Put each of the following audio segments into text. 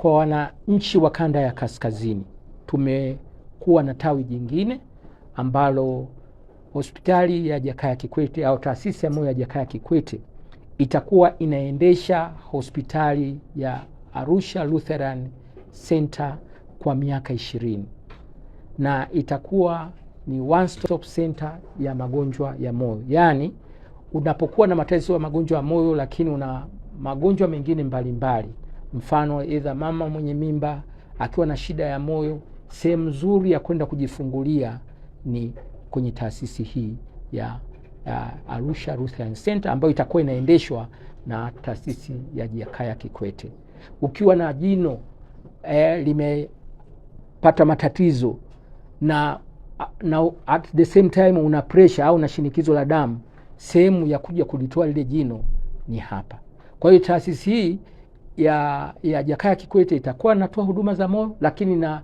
kwa wananchi wa kanda ya kaskazini, tumekuwa na tawi jingine ambalo hospitali ya Jakaya Kikwete au taasisi ya moyo ya Jakaya Kikwete itakuwa inaendesha hospitali ya Arusha Lutheran Center kwa miaka ishirini na itakuwa ni one stop center ya magonjwa ya moyo, yaani unapokuwa na matatizo ya magonjwa ya moyo, lakini una magonjwa mengine mbalimbali mbali mfano edha mama mwenye mimba akiwa na shida ya moyo, sehemu nzuri ya kwenda kujifungulia ni kwenye taasisi hii ya, ya Arusha Lutheran Center ambayo itakuwa inaendeshwa na taasisi ya Jakaya Kikwete. Ukiwa na jino eh, limepata matatizo na, na at the same time una pressure au na shinikizo la damu, sehemu ya kuja kulitoa lile jino ni hapa. Kwa hiyo taasisi hii ya, ya Jakaya Kikwete itakuwa natoa huduma za moyo, lakini na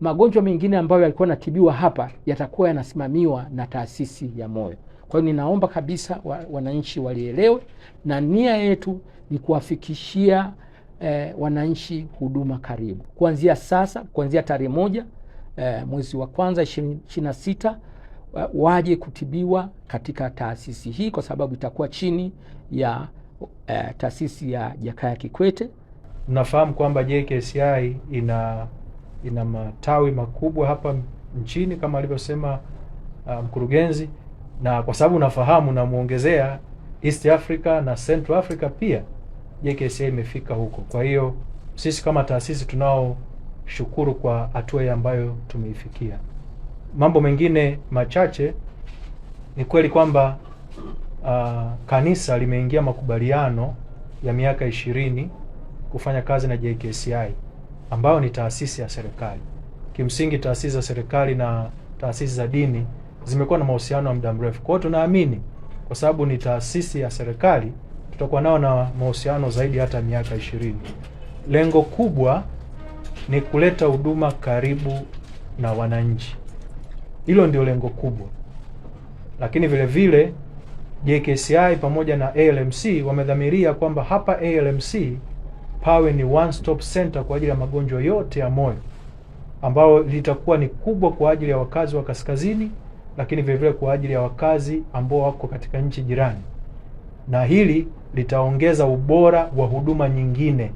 magonjwa mengine ambayo yalikuwa yanatibiwa hapa yatakuwa yanasimamiwa na taasisi ya moyo. Kwa hiyo ninaomba kabisa wananchi walielewe, na nia yetu ni kuwafikishia eh, wananchi huduma karibu, kuanzia sasa, kuanzia tarehe moja eh, mwezi wa kwanza ishirini na sita waje kutibiwa katika taasisi hii kwa sababu itakuwa chini ya uh, taasisi ya Jakaya Kikwete. nafahamu kwamba JKCI ina ina matawi makubwa hapa nchini kama alivyosema uh, mkurugenzi, na kwa sababu unafahamu namwongezea East Africa na Central Africa pia JKCI imefika huko. Kwa hiyo sisi kama taasisi tunao shukuru kwa hatua ambayo tumeifikia. Mambo mengine machache ni kweli kwamba uh, kanisa limeingia makubaliano ya miaka ishirini kufanya kazi na JKCI ambayo ni taasisi ya serikali. Kimsingi, taasisi za serikali na taasisi za dini zimekuwa na mahusiano ya muda mrefu. Kwa hiyo tunaamini kwa sababu ni taasisi ya serikali tutakuwa nao na mahusiano zaidi hata miaka ishirini. Lengo kubwa ni kuleta huduma karibu na wananchi, hilo ndio lengo kubwa, lakini vile vile JKCI pamoja na ALMC wamedhamiria kwamba hapa ALMC pawe ni one stop center kwa ajili ya magonjwa yote ya moyo ambayo litakuwa ni kubwa kwa ajili ya wakazi wa kaskazini, lakini vile vile kwa ajili ya wakazi ambao wako katika nchi jirani, na hili litaongeza ubora wa huduma nyingine.